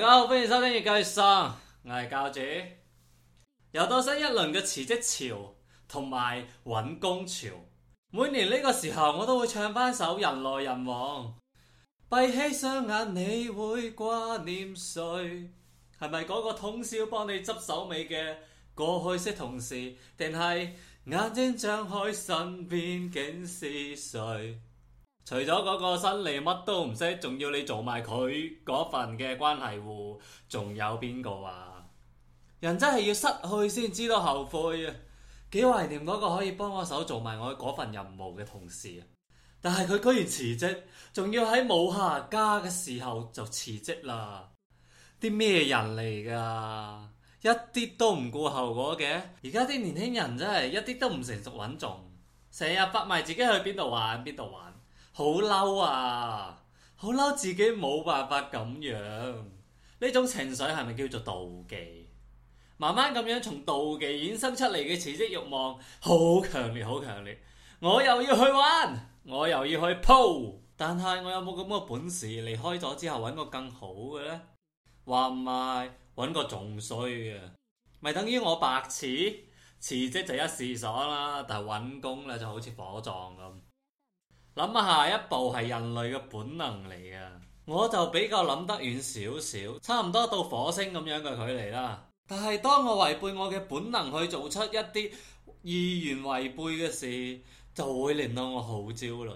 大家好，歡迎收聽《粵教粵喪》，我係教主。又到新一輪嘅辭職潮同埋揾工潮，每年呢個時候我都會唱翻首《人來人往》。閉起雙眼，你會掛念誰？係咪嗰個通宵幫你執手尾嘅過去式同事？定係眼睛張開，身邊竟是誰？除咗嗰個新嚟，乜都唔識，仲要你做埋佢嗰份嘅關係戶，仲有邊個啊？人真係要失去先知道後悔啊！幾懷念嗰個可以幫我手做埋我嗰份任務嘅同事啊！但係佢居然辭職，仲要喺冇下家嘅時候就辭職啦！啲咩人嚟㗎？一啲都唔顧後果嘅。而家啲年輕人真係一啲都唔成熟穩重，成日發埋自己去邊度玩，邊度玩。好嬲啊！好嬲自己冇辦法咁樣，呢種情緒係咪叫做妒忌？慢慢咁樣從妒忌衍生出嚟嘅辭職欲望，好強烈，好強烈！我又要去玩，我又要去鋪，但係我有冇咁嘅本事離開咗之後揾個更好嘅咧？話唔埋揾個仲衰嘅，咪等於我白痴？辭職就一時爽啦，但係揾工咧就好似火葬咁。諗下下一步係人類嘅本能嚟啊！我就比較諗得遠少少，差唔多到火星咁樣嘅距離啦。但係當我違背我嘅本能去做出一啲意願違背嘅事，就會令到我好焦慮，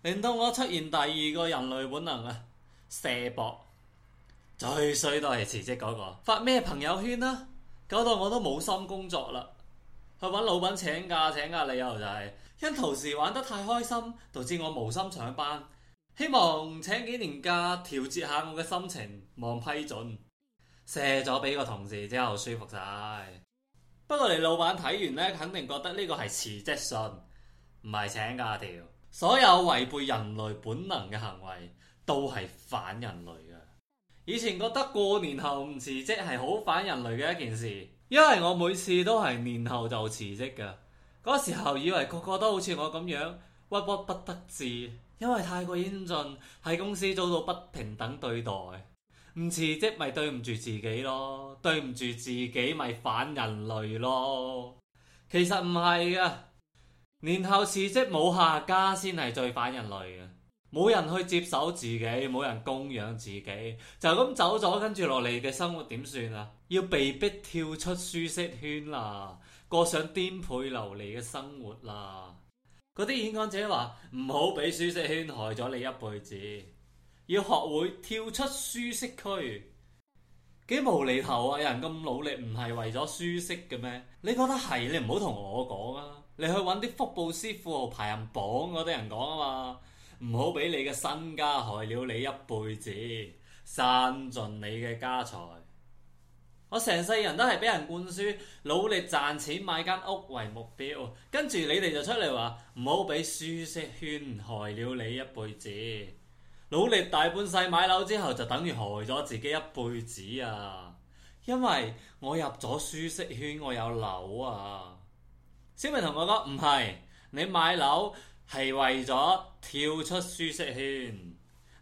令到我出現第二個人類本能啊！射博最衰都係辭職嗰個，發咩朋友圈啊？搞到我都冇心工作啦，去揾老闆請假，請假理由就係、是。因同事玩得太開心，導致我無心上班，希望請幾年假調節下我嘅心情，望批准。卸咗俾個同事之後舒服晒。不過你老闆睇完呢，肯定覺得呢個係辭職信，唔係請假條。所有違背人類本能嘅行為都係反人類嘅。以前覺得過年後唔辭職係好反人類嘅一件事，因為我每次都係年後就辭職噶。嗰時候以為個個都好似我咁樣屈屈不得志，因為太過英俊喺公司遭到不平等對待，唔辭職咪對唔住自己咯，對唔住自己咪反人類咯。其實唔係啊，年後辭職冇下家先係最反人類嘅，冇人去接手自己，冇人供養自己，就咁走咗，跟住落嚟嘅生活點算啊？要被逼跳出舒適圈啦！過上顛沛流離嘅生活啦！嗰啲演講者話唔好俾舒適圈害咗你一輩子，要學會跳出舒適區。幾無厘頭啊！有人咁努力唔係為咗舒適嘅咩？你覺得係？你唔好同我講啊！你去揾啲福布斯富豪排行榜嗰啲人講啊嘛！唔好俾你嘅身家害了你一輩子，散盡你嘅家財。我成世人都係俾人灌輸努力賺錢買間屋為目標，跟住你哋就出嚟話唔好俾舒適圈害了你一輩子。努力大半世買樓之後，就等於害咗自己一輩子啊！因為我入咗舒適圈，我有樓啊。小明同我講唔係，你買樓係為咗跳出舒適圈。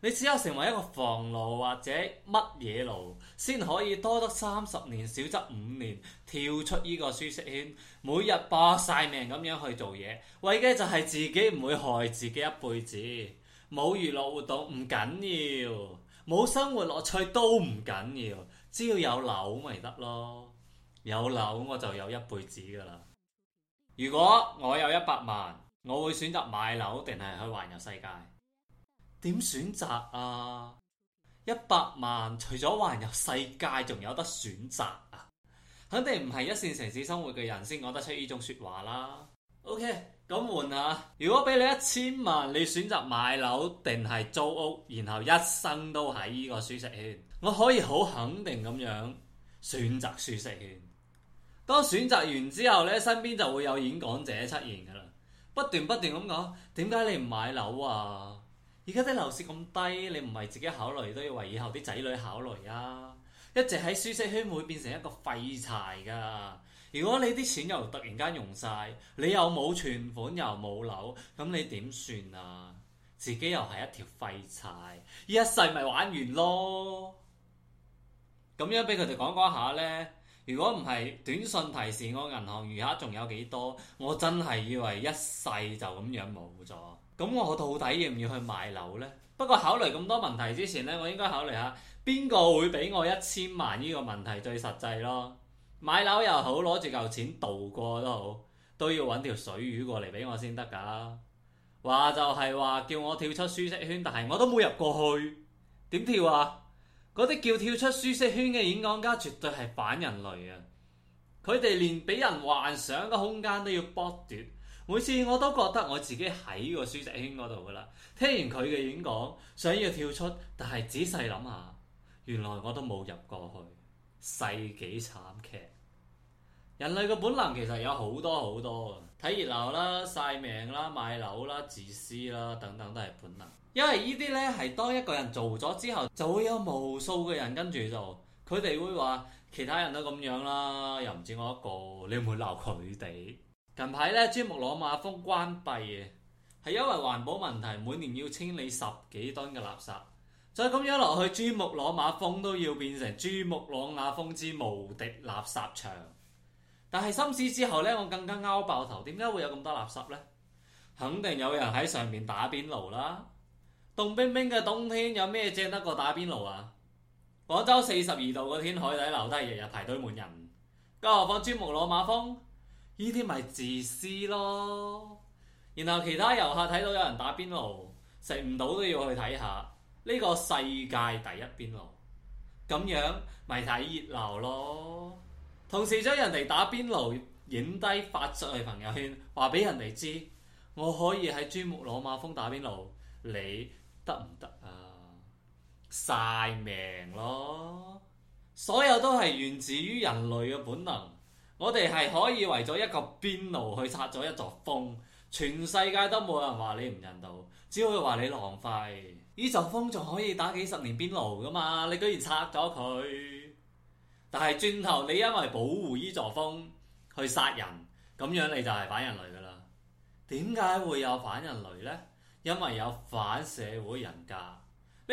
你只有成為一個房奴或者乜嘢奴，先可以多得三十年，少則五年，跳出呢個舒適圈，每日搏晒命咁樣去做嘢，為嘅就係自己唔會害自己一輩子。冇娛樂活動唔緊要，冇生活樂趣都唔緊要，只要有樓咪得咯。有樓我就有一輩子㗎喇。如果我有一百萬，我會選擇買樓定係去環遊世界？點選擇啊？一百萬除咗環遊世界，仲有得選擇啊？肯定唔係一線城市生活嘅人先講得出呢種說話啦。OK，咁換下，如果俾你一千萬，你選擇買樓定係租屋，然後一生都喺呢個舒適圈，我可以好肯定咁樣選擇舒適圈。當選擇完之後咧，身邊就會有演講者出現噶啦，不斷不斷咁講，點解你唔買樓啊？而家啲樓市咁低，你唔係自己考慮，都要為以後啲仔女考慮啊！一直喺舒適圈會變成一個廢柴㗎。如果你啲錢又突然間用晒，你又冇存款又冇樓，咁你點算啊？自己又係一條廢柴，一世咪玩完咯！咁樣俾佢哋講講下呢：如果唔係短信提示我銀行餘額仲有幾多，我真係以為一世就咁樣冇咗。咁我到底要唔要去買樓呢？不過考慮咁多問題之前呢，我應該考慮下邊個會俾我一千萬呢個問題最實際咯。買樓又好，攞住嚿錢度過都好，都要揾條水魚過嚟俾我先得㗎。話就係話叫我跳出舒適圈，但係我都冇入過去，點跳啊？嗰啲叫跳出舒適圈嘅演講家，絕對係反人類啊！佢哋連俾人幻想嘅空間都要剝奪。每次我都覺得我自己喺個舒適圈嗰度噶啦，聽完佢嘅演講，想要跳出，但係仔細諗下，原來我都冇入過去，世紀慘劇。人類嘅本能其實有好多好多嘅，睇熱鬧啦、晒命啦、買樓啦、自私啦等等都係本能，因為呢啲呢，係當一個人做咗之後，就會有無數嘅人跟住做，佢哋會話其他人都咁樣啦，又唔止我一個，你會鬧過佢哋？近排咧，珠穆朗瑪峰關閉嘅係因為環保問題，每年要清理十幾噸嘅垃圾。再咁樣落去，珠穆朗瑪峰都要變成珠穆朗瑪峰之無敵垃圾場。但係深思之後呢，我更加拗爆頭，點解會有咁多垃圾呢？肯定有人喺上面打邊爐啦！凍冰冰嘅冬天有咩正得過打邊爐啊？廣州四十二度嘅天，海底撈都係日日排隊滿人，更何況珠穆朗瑪峰？呢啲咪自私咯，然後其他遊客睇到有人打邊爐，食唔到都要去睇下呢個世界第一邊爐，咁樣咪睇熱鬧咯。同時將人哋打邊爐影低發出去朋友圈，話俾人哋知我可以喺珠穆朗瑪峰打邊爐，你得唔得啊？晒命咯！所有都係源自於人類嘅本能。我哋係可以為咗一個邊爐去拆咗一座峰，全世界都冇人話你唔人道，只會話你浪費，呢座峰仲可以打幾十年邊爐噶嘛？你居然拆咗佢，但係轉頭你因為保護呢座峰去殺人，咁樣你就係反人類噶啦。點解會有反人類呢？因為有反社會人格。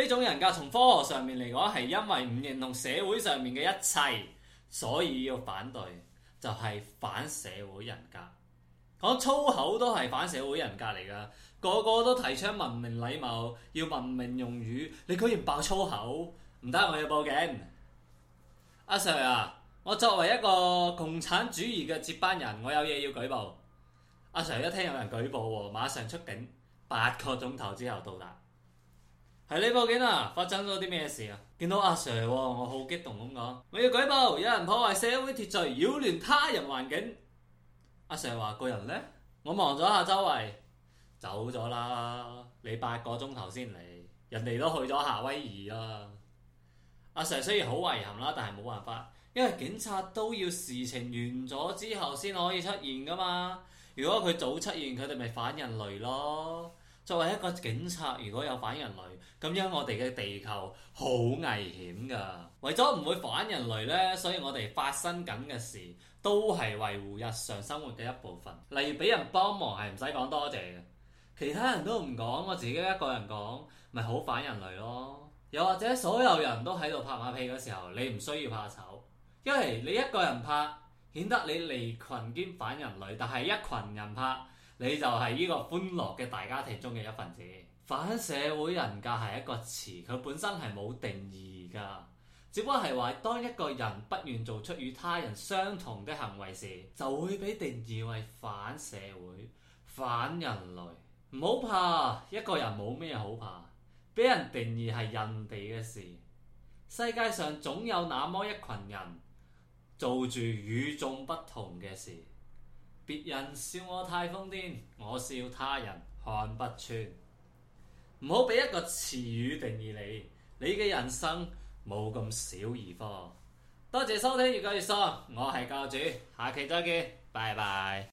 呢種人格從科學上面嚟講係因為唔認同社會上面嘅一切，所以要反對。就係反社會人格，講粗口都係反社會人格嚟㗎。個個都提倡文明禮貌，要文明用語，你居然爆粗口，唔得，我要報警。阿 Sir 啊，我作為一個共產主義嘅接班人，我有嘢要舉報。阿 Sir 一聽有人舉報，馬上出警，八個鐘頭之後到達。係你報警啊？發生咗啲咩事啊？見到阿 sir，我好激動咁講，我要舉報，有人破壞社會秩序，擾亂他人環境。阿 sir 話，個人呢？我望咗下周圍，走咗啦。你八個鐘頭先嚟，人哋都去咗夏威夷啦，啊。阿 sir 雖然好遺憾啦，但係冇辦法，因為警察都要事情完咗之後先可以出現噶嘛。如果佢早出現，佢哋咪反人類咯。作為一個警察，如果有反人類，噉樣我哋嘅地球好危險㗎。為咗唔會反人類呢，所以我哋發生緊嘅事都係維護日常生活嘅一部分。例如俾人幫忙係唔使講多謝嘅，其他人都唔講，我自己一個人講，咪好反人類咯。又或者所有人都喺度拍馬屁嘅時候，你唔需要怕醜，因為你一個人拍，顯得你離群兼反人類，但係一群人拍，你就係呢個歡樂嘅大家庭中嘅一份子。反社會人格係一個詞，佢本身係冇定義㗎，只不過係話，當一個人不願做出與他人相同嘅行為時，就會被定義為反社會、反人類。唔好怕，一個人冇咩好怕，俾人定義係人哋嘅事。世界上總有那麼一群人，做住與眾不同嘅事。別人笑我太瘋癲，我笑他人看不穿。唔好俾一個詞語定義你，你嘅人生冇咁小兒科。多謝收聽《粵教粵喪》，我係教主，下期再見，拜拜。